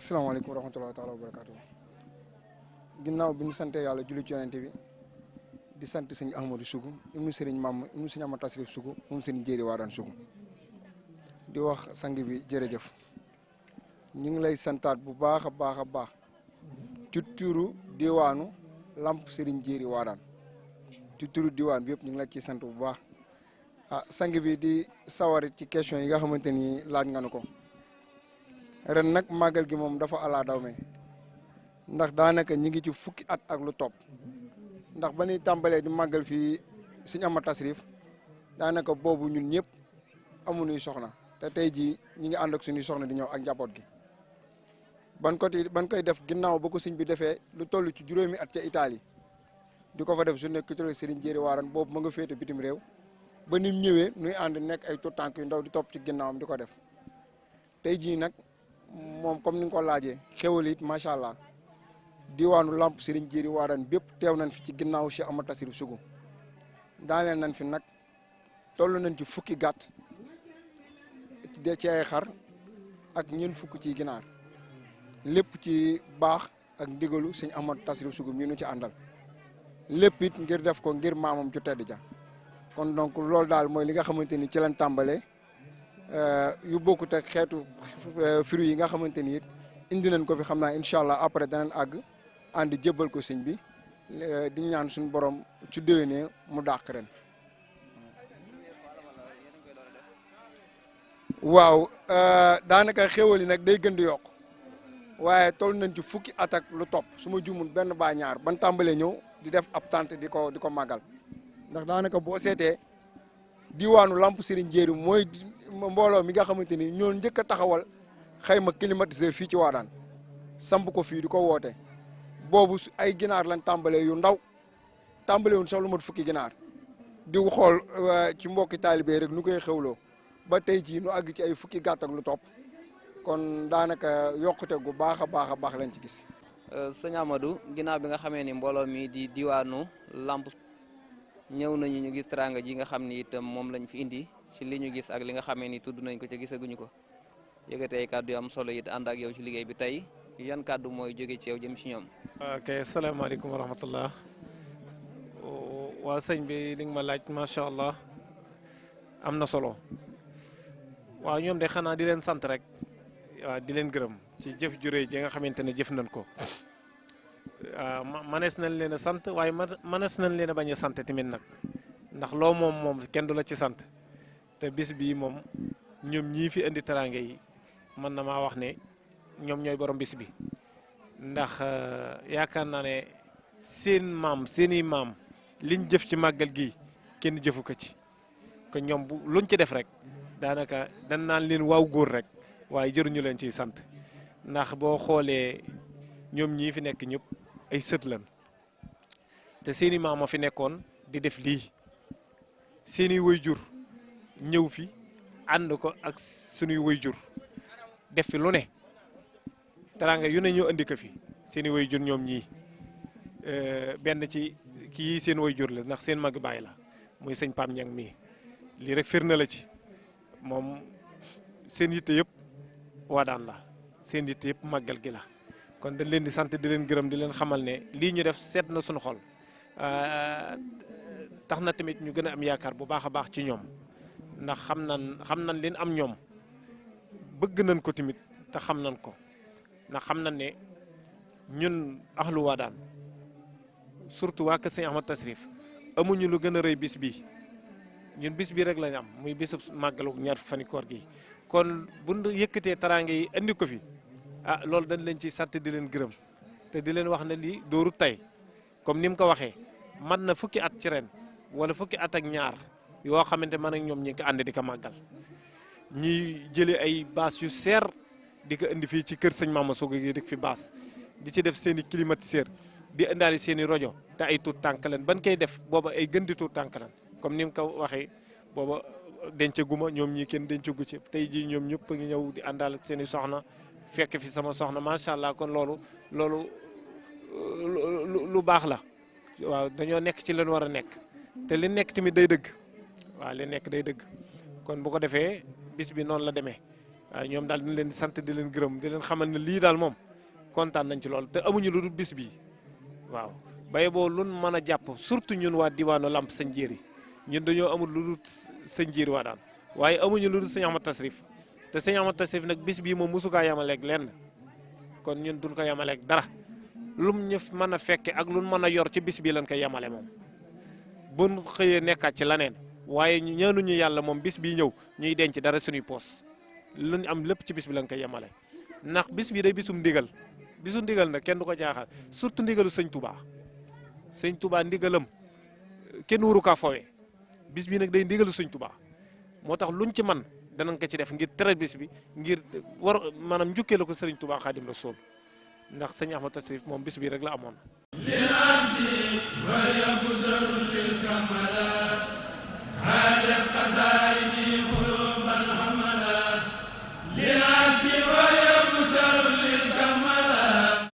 asalaamaaleykum wa rahmatulah taala wa barakaatu. ginnaaw bi ñu santee yàlla julli ci bi di sant sëñ Ahmadou Sougou ibnu sëriñ Maam ibnu sëriñ Ahmad Tasrif Sougou moom sëriñ Jéeri Waadaan Sougou di wax sang bi jërëjëf ñu ngi lay santaat bu baax a baax a baax ci turu diwaanu lamp sëriñ Jéeri Waadaan ci diwaan bi yëpp ñu ngi la ci sant bu baax ah sang bi di sawarit ci question yi nga xamante ni laaj nga nu ko ren nag màggal gi moom dafa ala me ndax daanaka ñi ngi ci fukki at ak lu topp ndax ba nuy tàmbalee di màggal fii suñu ama tasrif daanaka boobu ñun ñëpp amuñuy soxna te tey jii ñi ngi ànd ak suñuy soxna di ñëw ak njaboot gi ban ko ban koy def ginnaaw ba ko sëñ bi defee lu toll ci juróomi at ca Italie di ko fa def su nekk culturelle Serigne Jéeri Waaran boobu ma nga féete bitim réew ba nim ñëwee nuy ànd nekk ay tuut tànk yu ndaw di topp ci ginnaawam di ko def tey jii nag moom comme ni nga ko laajee xéwal it macha allah diwaanu lamp Serigne Diéry Wadane bépp teew nañ fi ci ginnaaw Cheikh Amadou Tassirou Sougou daaneel nañ fi nag toll nañ ci fukki gàtt de ci ay xar ak ñeent fukk ci ginaar lépp ci baax ak ndigalu sëñ Amadou Tassirou Sougou mi nu ci àndal lépp it ngir def ko ngir maamam ju tedd ja kon donc loolu daal mooy li nga xamante ni ci leen tàmbalee. Euh, yu bokkut ak xeetu euh, fruits yi nga xamante ni it indi nañ ko fi xam naa incha allah après danañ àgg ànd jébbal ko sëñ bi euh, di ñaan suñu borom ci déwénee mu dàq ren. waaw daanaka xéwal yi nag day gën di yokk waaye toll nañ ci fukki at lu top suma ma benn baa ñaar ban tàmbalee ñëw di def ab tante di ko di ko màggal ndax boo seetee diwaanu Lamp Serigne Jéeri mooy mbooloo mi nga xamante ni ñoo njëkk a taxawal xayma climatiseur fii ci Waadaan samp ko fii di ko woote boobu ay ginaar lañ tàmbalee yu ndaw tàmbale wuñ sax lu mat fukki ginaar di xool euh, ci mbokki taalibe rek nu koy xewloo ba tey jii nu àgg ci ay fukki gàtt lu topp kon daanaka yokkute gu baax a baax a baax lañ ci gis. Euh, sëñ Amadou ginaar bi nga xamee ni mbooloo mii di diwaanu lamp ñëw nañu ñu gis teraanga ji nga xam ni itam moom lañ fi indi. ci li ñu gis ak li nga xamee ni tudd nañ ko ca gisaguñu ko yëkkati ay kàddu yu am solo it ànd ak yow ci liggéey bi tey yan kàddu mooy jóge ci yow jëm ci ñoom. ok salaamaaleykum wa rahmatullah waa sëñ bi li nga ma laaj macha allah am na solo waaw ñoom de xanaa di leen sant rek waaw di leen gërëm ci jëf jure ji nga xamante ne jëf nañ ko waaw manees nañ leen a sant waaye manees nañ leen a bañ a sant tamit nag ndax loo moom moom kenn du la ci sant. te bis bii moom ñoom ñii fi indi teraange yi mën na maa wax ne ñoom ñooy borom bis bi ndax euh, yaakaar naa ne seen maam seeni maam liñ jëf ci màggal gi kenn jëfu ko ci ko ñoom bu luñ ci def rek daanaka dan naan leen waaw góor rek waaye jëruñu leen ciy sant ndax boo xoolee ñoom ñii fi nekk ñépp ay sët lan te seeni maam a fi nekkoon di def lii seeni jur ñëw fi ànd ko ak sunuy wayjur def fi lu ne teraanga yu ne ñu indi ko fi seen i jur ñoom ñii euh, benn ci kii seen wayjur la ndax seen mag baay la muy sëñ Pam Ñang mii lii rek firnde la ci moom seen yitte yëpp daan la seen yitte yëpp màggal gi la kon dañ leen di sant di leen gërëm di leen xamal ne lii ñu def seet na sunu xol euh, tax na tamit ñu gën a am yaakaar bu baax a baax ci ñoom ndax xam nan xam nan leen am ñoom bëgg nañ ko tamit te xam nañ ko ndax xam nañ ne ñun ahlu Waadaan surtout waa Kër Sëñ Ahmad amuñu lu gën a rëy bis bi ñun bis bi rek lañu am muy bisub màggalu ñaar fani koor gi kon bu ñu yëkkatee taraange yi indi ko fi ah loolu dañ leen ci sant di leen gërëm te di leen wax na lii dooru tey comme ni mu ko waxee man na fukki at ci ren wala fukki at ak ñaar yoo xamante man ak ñoom ñi ngi ko ànd di ko màggal ñuy jëlee ay baas yu seer di ko indi fii ci kër sëñ Maama Soga yi rek fi baas di ci def seen i climatiseur di indaale seen i rajo te ay tuut tànk leen ban koy def booba ay gën di tuut tànk leen comme ni mu ko waxee booba dencaguma ñoom ñi kenn dencagu ci tey jii ñoom ñëpp a ngi ñëw di àndaal ak seen i soxna fekk fi sama soxna macha allah kon loolu loolu lu baax la waaw dañoo nekk ci leen war a nekk te li nekk tamit day dëgg. waaw li nekk day dëgg kon bu ko defee bis bi noonu la demee waaw ñoom daal dina leen sant di leen gërëm di leen xamal ne lii daal moom kontaan nañ ci lool te amuñu lu dul bis bi waaw bay boo lun mën a jàpp surtout ñun waa diwaanu Lamp Sëñ Jéeri ñun dañoo amul lu dul Sëñ waa daan waaye amuñu lu dul Sëñ Ahmad Tasrif te Sëñ Ahmad Tasrif nag bis bii moom mosu kaa yemaleeg lenn kon ñun duñ ko yemaleeg dara lum ñu mën a fekke ak lun mën a yor ci bis bi lañ koy yemale moom bu nekkaat ci laneen waaye ñu yàlla moom bis bi ñëw ñuy denc dara suñuy poos ñu am lépp ci bis bi lañ koy yemale ndax bis bi day bisum ndigal bisu ndigal nag kenn du ko jaaxal surtout ndigalu sëñ tubaa sëñ tubaa ndigalam kenn waru kaa fowe bis bi nag day ndigalu sëñ tubaa moo tax luñ ci man danañ ko ci def ngir tere bis bi ngir war maanaam njukkee la ko sëriñ tubaa xaadim rasul ndax sëñ Ahmad Tasrif moom bis bi rek la amoon